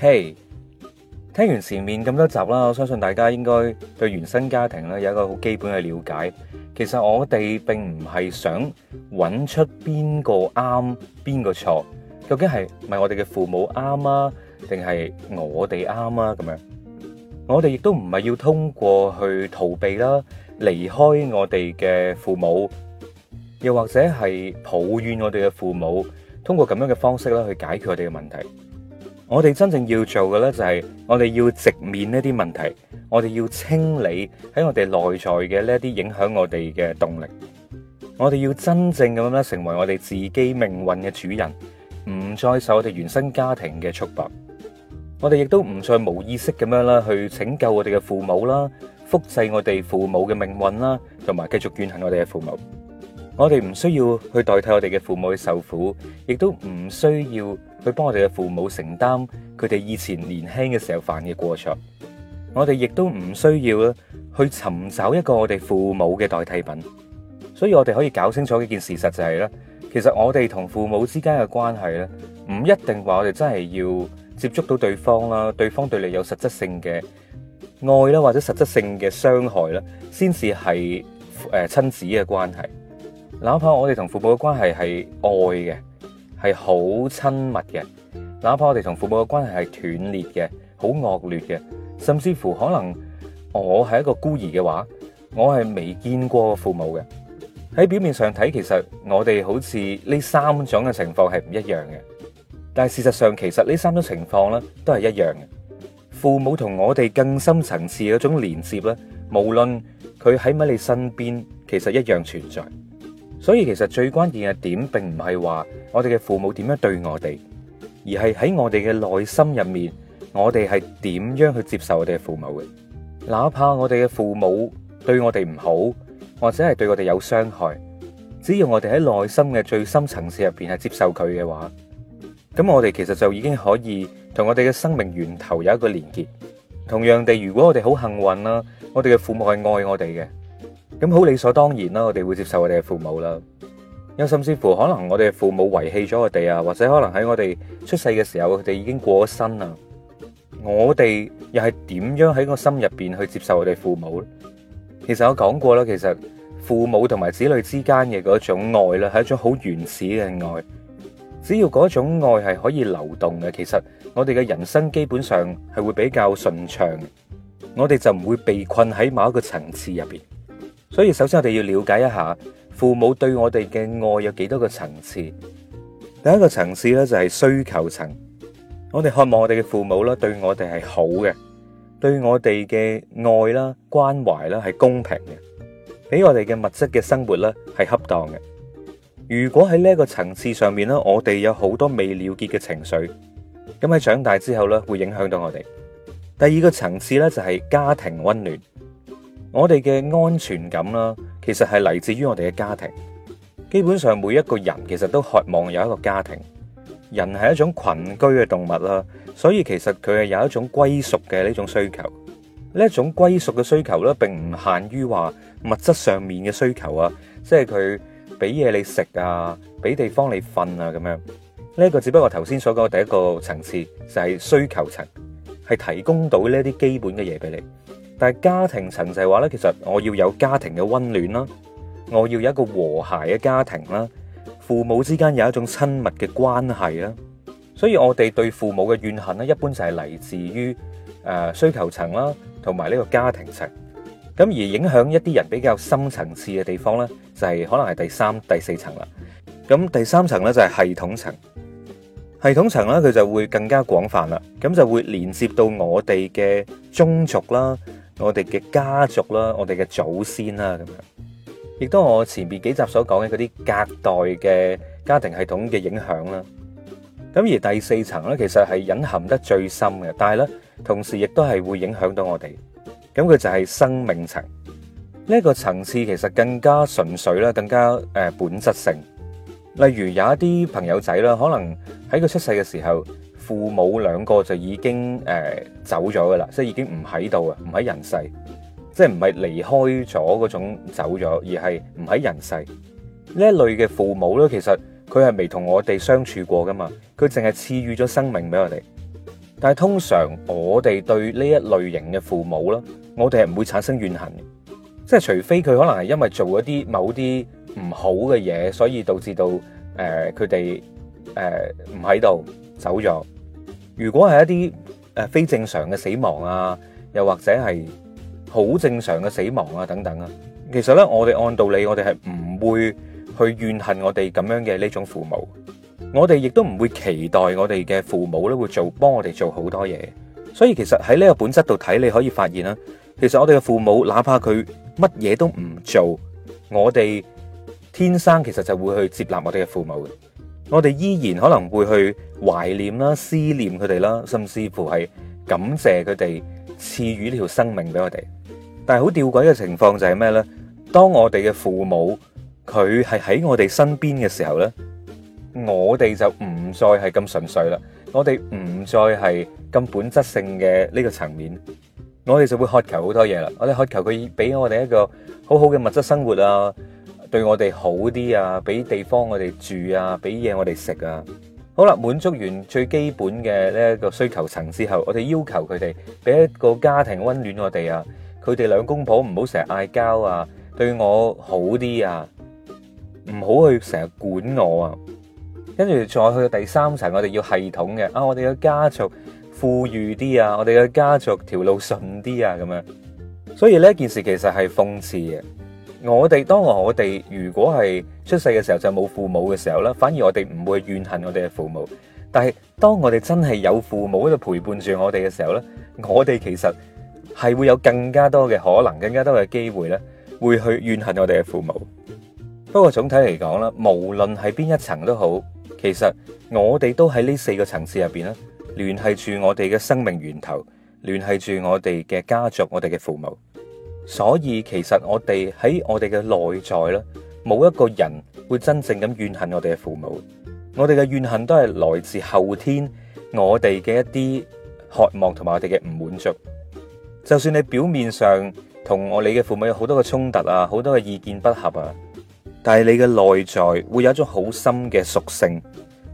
嘿，hey, 聽完前面咁多集啦，我相信大家應該對原生家庭咧有一個好基本嘅了解。其實我哋並唔係想搵出邊個啱，邊個錯，究竟係咪我哋嘅父母啱啊，定係我哋啱啊？咁樣，我哋亦都唔係要通過去逃避啦，離開我哋嘅父母，又或者係抱怨我哋嘅父母，通過咁樣嘅方式咧去解決我哋嘅問題。我哋真正要做嘅咧，就係我哋要直面呢啲問題，我哋要清理喺我哋內在嘅呢啲影響我哋嘅動力。我哋要真正咁樣成為我哋自己命運嘅主人，唔再受我哋原生家庭嘅束縛。我哋亦都唔再無意識咁樣啦，去拯救我哋嘅父母啦，複製我哋父母嘅命運啦，同埋繼續怨恨我哋嘅父母。我哋唔需要去代替我哋嘅父母去受苦，亦都唔需要去幫我哋嘅父母承擔佢哋以前年輕嘅時候犯嘅過錯。我哋亦都唔需要去尋找一個我哋父母嘅代替品。所以，我哋可以搞清楚一件事實就係咧，其實我哋同父母之間嘅關係咧，唔一定話我哋真係要接觸到對方啦，對方對你有實質性嘅愛啦，或者實質性嘅傷害啦，先至係誒親子嘅關係。哪怕我哋同父母嘅關係係愛嘅，係好親密嘅；哪怕我哋同父母嘅關係係斷裂嘅，好惡劣嘅，甚至乎可能我係一個孤兒嘅話，我係未見過父母嘅。喺表面上睇，其實我哋好似呢三種嘅情況係唔一樣嘅，但係事實上其實呢三種情況咧都係一樣嘅。父母同我哋更深層次嗰種連接咧，無論佢喺唔喺你身邊，其實一樣存在。所以其實最關鍵嘅點，並唔係話我哋嘅父母點樣對我哋，而係喺我哋嘅內心入面，我哋係點樣去接受我哋嘅父母嘅。哪怕我哋嘅父母對我哋唔好，或者係對我哋有傷害，只要我哋喺內心嘅最深層次入邊係接受佢嘅話，咁我哋其實就已經可以同我哋嘅生命源頭有一個連結。同樣地，如果我哋好幸運啦，我哋嘅父母係愛我哋嘅。咁好理所當然啦，我哋會接受我哋嘅父母啦。又甚至乎可能我哋嘅父母遺棄咗我哋啊，或者可能喺我哋出世嘅時候，佢哋已經過咗身啦。我哋又係點樣喺個心入邊去接受我哋父母咧？其實我講過啦，其實父母同埋子女之間嘅嗰種愛咧，係一種好原始嘅愛。只要嗰種愛係可以流動嘅，其實我哋嘅人生基本上係會比較順暢，我哋就唔會被困喺某一個層次入邊。所以首先我哋要了解一下父母對我哋嘅愛有幾多個層次。第一個層次咧就係需求層，我哋渴望我哋嘅父母啦，對我哋係好嘅，對我哋嘅愛啦關懷啦係公平嘅，俾我哋嘅物質嘅生活啦，係恰當嘅。如果喺呢一個層次上面咧，我哋有好多未了結嘅情緒，咁喺長大之後咧會影響到我哋。第二個層次咧就係家庭溫暖。我哋嘅安全感啦，其實係嚟自於我哋嘅家庭。基本上每一個人其實都渴望有一個家庭。人係一種群居嘅動物啦，所以其實佢係有一種歸屬嘅呢種需求。呢一種歸屬嘅需求咧，並唔限於話物質上面嘅需求就是啊，即係佢俾嘢你食啊，俾地方你瞓啊咁樣。呢個只不過頭先所講嘅第一個層次，就係、是、需求層，係提供到呢啲基本嘅嘢俾你。但係家庭層就係話咧，其實我要有家庭嘅溫暖啦，我要有一個和諧嘅家庭啦，父母之間有一種親密嘅關係啦，所以我哋對父母嘅怨恨咧，一般就係嚟自於誒需求層啦，同埋呢個家庭層。咁而影響一啲人比較深層次嘅地方咧，就係可能係第三、第四層啦。咁第三層咧就係系統層，系統層咧佢就會更加廣泛啦，咁就會連接到我哋嘅宗族啦。我哋嘅家族啦，我哋嘅祖先啦，咁樣亦都我前面幾集所講嘅嗰啲隔代嘅家庭系統嘅影響啦。咁而第四層咧，其實係隱含得最深嘅，但係咧同時亦都係會影響到我哋。咁佢就係生命層呢一個層次，其實更加純粹啦，更加誒本質性。例如有一啲朋友仔啦，可能喺佢出世嘅時候。父母兩個就已經誒、呃、走咗噶啦，即係已經唔喺度啊，唔喺人世，即係唔係離開咗嗰種走咗，而係唔喺人世。呢一類嘅父母咧，其實佢係未同我哋相處過噶嘛，佢淨係賜予咗生命俾我哋。但係通常我哋對呢一類型嘅父母咧，我哋係唔會產生怨恨嘅，即係除非佢可能係因為做了一啲某啲唔好嘅嘢，所以導致到誒佢哋誒唔喺度走咗。如果係一啲誒非正常嘅死亡啊，又或者係好正常嘅死亡啊等等啊，其實呢我哋按道理我哋係唔會去怨恨我哋咁樣嘅呢種父母，我哋亦都唔會期待我哋嘅父母呢會做幫我哋做好多嘢，所以其實喺呢個本質度睇，你可以發現啦，其實我哋嘅父母哪怕佢乜嘢都唔做，我哋天生其實就會去接納我哋嘅父母嘅。我哋依然可能會去懷念啦、思念佢哋啦，甚至乎係感謝佢哋賜予呢條生命俾我哋。但係好吊詭嘅情況就係咩呢？當我哋嘅父母佢係喺我哋身邊嘅時候呢，我哋就唔再係咁純粹啦，我哋唔再係咁本質性嘅呢個層面，我哋就會渴求好多嘢啦，我哋渴求佢俾我哋一個好好嘅物質生活啊。對我哋好啲啊，俾地方我哋住啊，俾嘢我哋食啊，好啦，滿足完最基本嘅呢一個需求層之後，我哋要求佢哋俾一個家庭溫暖我哋啊，佢哋兩公婆唔好成日嗌交啊，對我好啲啊，唔好去成日管我啊，跟住再去第三層，我哋要系統嘅啊，我哋嘅家族富裕啲啊，我哋嘅家族條路順啲啊，咁樣，所以呢件事其實係諷刺嘅。我哋，當我哋如果係出世嘅時候就冇父母嘅時候咧，反而我哋唔會怨恨我哋嘅父母。但係當我哋真係有父母喺度陪伴住我哋嘅時候咧，我哋其實係會有更加多嘅可能，更加多嘅機會咧，會去怨恨我哋嘅父母。不過總體嚟講啦，無論係邊一層都好，其實我哋都喺呢四個層次入邊咧，聯繫住我哋嘅生命源頭，聯繫住我哋嘅家族，我哋嘅父母。所以其實我哋喺我哋嘅內在呢，冇一個人會真正咁怨恨我哋嘅父母。我哋嘅怨恨都係來自後天我哋嘅一啲渴望同埋我哋嘅唔滿足。就算你表面上同我哋嘅父母有好多嘅衝突啊，好多嘅意見不合啊，但係你嘅內在會有一種好深嘅屬性，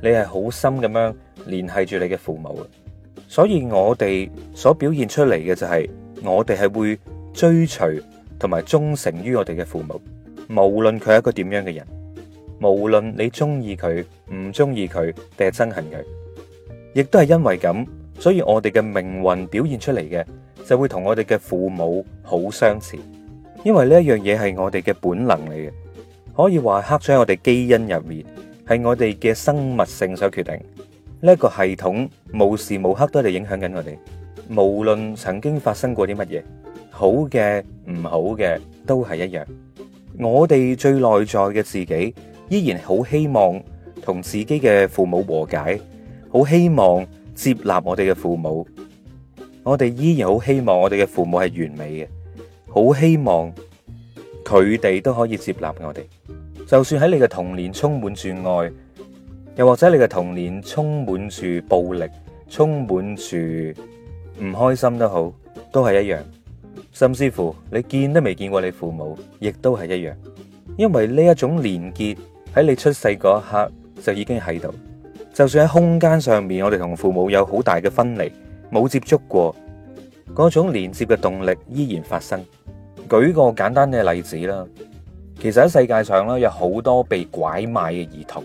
你係好深咁樣聯繫住你嘅父母。所以我哋所表現出嚟嘅就係我哋係會。追隨同埋忠誠於我哋嘅父母，無論佢係一個點樣嘅人，無論你中意佢、唔中意佢定係憎恨佢，亦都係因為咁，所以我哋嘅命運表現出嚟嘅就會同我哋嘅父母好相似。因為呢一樣嘢係我哋嘅本能嚟嘅，可以話刻咗喺我哋基因入面，係我哋嘅生物性所決定。呢個系統，無時無刻都係影響緊我哋，無論曾經發生過啲乜嘢。好嘅，唔好嘅都係一樣。我哋最內在嘅自己依然好希望同自己嘅父母和解，好希望接納我哋嘅父母。我哋依然好希望我哋嘅父母係完美嘅，好希望佢哋都可以接納我哋。就算喺你嘅童年充滿住愛，又或者你嘅童年充滿住暴力，充滿住唔開心都好，都係一樣。甚至乎你見都未見過你父母，亦都係一樣，因為呢一種連結喺你出世嗰一刻就已經喺度。就算喺空間上面，我哋同父母有好大嘅分離，冇接觸過，嗰種連接嘅動力依然發生。舉個簡單嘅例子啦，其實喺世界上啦，有好多被拐賣嘅兒童，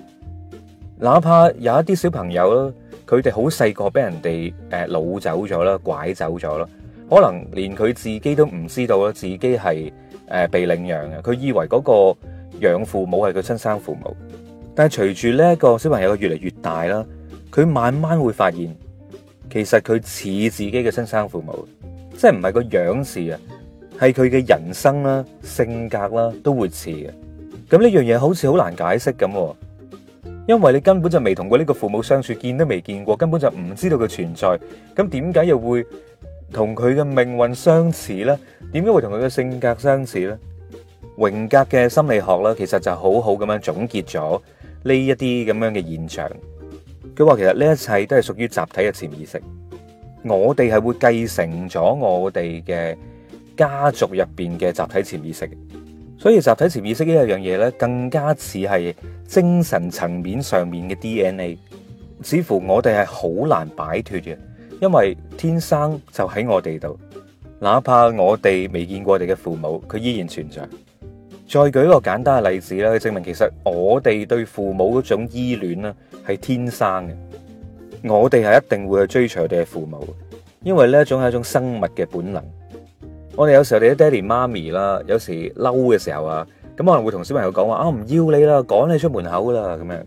哪怕有一啲小朋友啦，佢哋好細個俾人哋誒擄走咗啦，拐走咗啦。可能連佢自己都唔知道啦，自己係誒、呃、被領養嘅，佢以為嗰個養父母係佢親生父母。但係隨住呢一個小朋友越嚟越大啦，佢慢慢會發現，其實佢似自己嘅親生父母，即係唔係個樣事，啊，係佢嘅人生啦、啊、性格啦、啊、都會似嘅。咁呢樣嘢好似好難解釋咁，因為你根本就未同過呢個父母相處，見都未見過，根本就唔知道佢存在。咁點解又會同佢嘅命運相似呢？點解會同佢嘅性格相似呢？榮格嘅心理學咧，其實就好好咁樣總結咗呢一啲咁樣嘅現象。佢話其實呢一切都係屬於集體嘅潛意識，我哋係會繼承咗我哋嘅家族入邊嘅集體潛意識。所以集體潛意識呢一樣嘢呢，更加似係精神層面上面嘅 DNA，似乎我哋係好難擺脫嘅。因為天生就喺我哋度，哪怕我哋未見過我哋嘅父母，佢依然存在。再舉一個簡單嘅例子啦，去證明其實我哋對父母嗰種依戀啦，係天生嘅。我哋係一定會去追隨我哋嘅父母，因為呢一種係一種生物嘅本能。我哋有時候我哋爹哋媽咪啦，有時嬲嘅時候啊，咁可能會同小朋友講話啊，唔要你啦，趕你出門口啦，咁樣。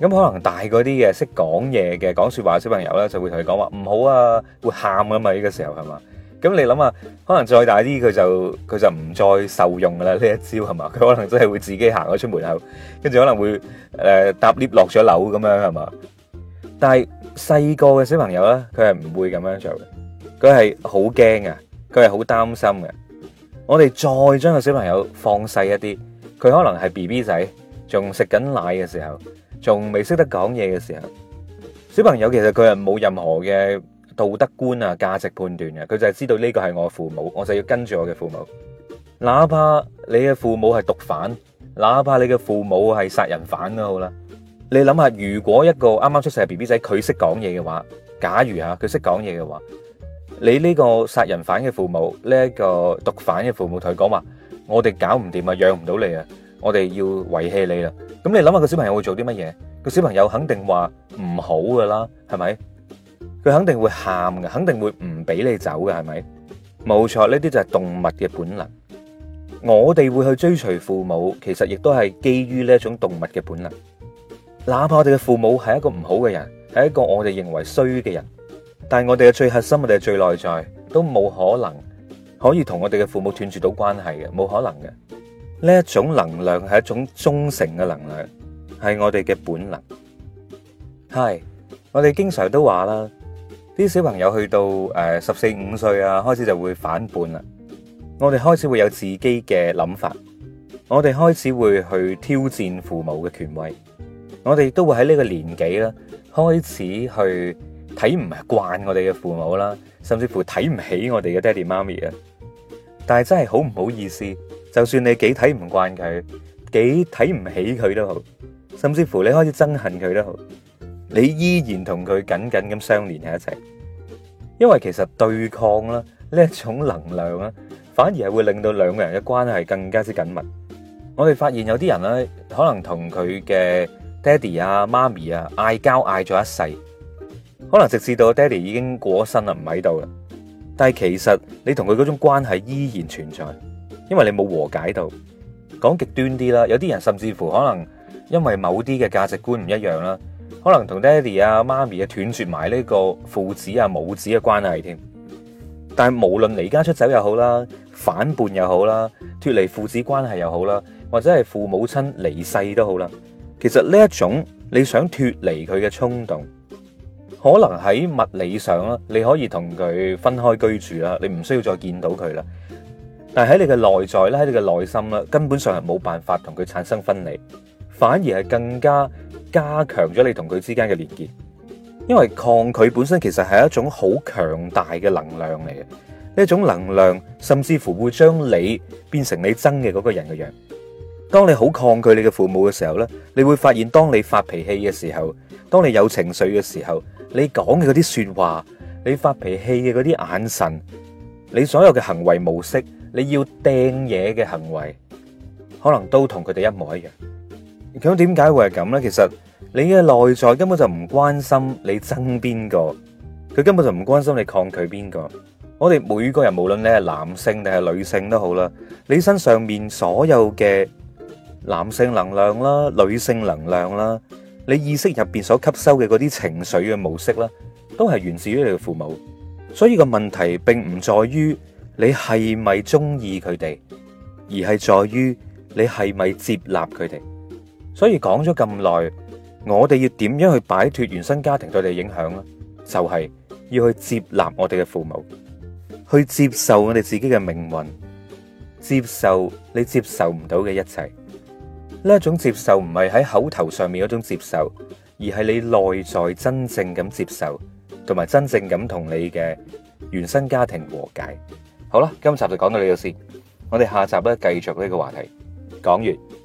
咁可能大嗰啲嘅識講嘢嘅講說話嘅小朋友咧，就會同佢講話，唔好啊，會喊噶嘛？呢個時候係嘛？咁你諗下，可能再大啲佢就佢就唔再受用噶啦，呢一招係嘛？佢可能真係會自己行咗出門口，跟住可能會誒搭 lift 落咗樓咁樣係嘛？但係細個嘅小朋友咧，佢係唔會咁樣做嘅，佢係好驚啊，佢係好擔心嘅。我哋再將個小朋友放細一啲，佢可能係 BB 仔，仲食緊奶嘅時候。仲未識得講嘢嘅時候，小朋友其實佢係冇任何嘅道德觀啊、價值判斷嘅，佢就係知道呢個係我父母，我就要跟住我嘅父母。哪怕你嘅父母係毒販，哪怕你嘅父母係殺人犯都好啦。你諗下，如果一個啱啱出世嘅 BB 仔佢識講嘢嘅話，假如吓佢識講嘢嘅話，你呢個殺人犯嘅父母，呢一個毒販嘅父母同佢講話：我哋搞唔掂啊，養唔到你啊。我哋要遺棄你啦，咁你諗下個小朋友會做啲乜嘢？個小朋友肯定話唔好噶啦，係咪？佢肯定會喊嘅，肯定會唔俾你走嘅，係咪？冇錯，呢啲就係動物嘅本能。我哋會去追隨父母，其實亦都係基於呢一種動物嘅本能。哪怕我哋嘅父母係一個唔好嘅人，係一個我哋認為衰嘅人，但係我哋嘅最核心、我哋嘅最內在，都冇可能可以同我哋嘅父母斷絕到關係嘅，冇可能嘅。呢一種能量係一種忠誠嘅能量，係我哋嘅本能。係我哋經常都話啦，啲小朋友去到誒十四五歲啊，開始就會反叛啦。我哋開始會有自己嘅諗法，我哋開始會去挑戰父母嘅權威，我哋都會喺呢個年紀啦，開始去睇唔慣我哋嘅父母啦，甚至乎睇唔起我哋嘅爹哋媽咪啊。但係真係好唔好意思。就算你幾睇唔慣佢，幾睇唔起佢都好，甚至乎你開始憎恨佢都好，你依然同佢緊緊咁相連喺一齊。因為其實對抗啦呢一種能量啊，反而係會令到兩個人嘅關係更加之緊密。我哋發現有啲人咧，可能同佢嘅爹哋啊、媽咪啊嗌交嗌咗一世，可能直至到爹哋已經過身啦，唔喺度啦，但係其實你同佢嗰種關係依然存在。因為你冇和解到，講極端啲啦，有啲人甚至乎可能因為某啲嘅價值觀唔一樣啦，可能同爹哋啊、媽咪啊斷絕埋呢個父子啊、母子嘅關係添。但係無論離家出走又好啦，反叛又好啦，脫離父子關係又好啦，或者係父母親離世都好啦，其實呢一種你想脫離佢嘅衝動，可能喺物理上啦，你可以同佢分開居住啦，你唔需要再見到佢啦。但喺你嘅內在咧，喺你嘅內心咧，根本上係冇辦法同佢產生分離，反而係更加加強咗你同佢之間嘅連結。因為抗拒本身其實係一種好強大嘅能量嚟嘅，呢種能量甚至乎會將你變成你憎嘅嗰個人嘅樣。當你好抗拒你嘅父母嘅時候咧，你會發現當你發脾氣嘅時候，當你有情緒嘅時候，你講嘅嗰啲說話，你發脾氣嘅嗰啲眼神，你所有嘅行為模式。你要掟嘢嘅行為，可能都同佢哋一模一樣。咁點解會係咁呢？其實你嘅內在根本就唔關心你憎邊個，佢根本就唔關心你抗拒邊個。我哋每個人，無論你係男性定係女性都好啦，你身上面所有嘅男性能量啦、女性能量啦，你意識入邊所吸收嘅嗰啲情緒嘅模式啦，都係源自於你嘅父母。所以個問題並唔在於。你係咪中意佢哋，而係在於你係咪接納佢哋。所以講咗咁耐，我哋要點樣去擺脱原生家庭對你影響呢？就係要去接納我哋嘅父母，去接受我哋自己嘅命運，接受你接受唔到嘅一切呢一種接受，唔係喺口頭上面嗰種接受，而係你內在真正咁接受，同埋真正咁同你嘅原生家庭和解。好啦，今集就講到呢度先，我哋下集呢繼續呢個話題，講完。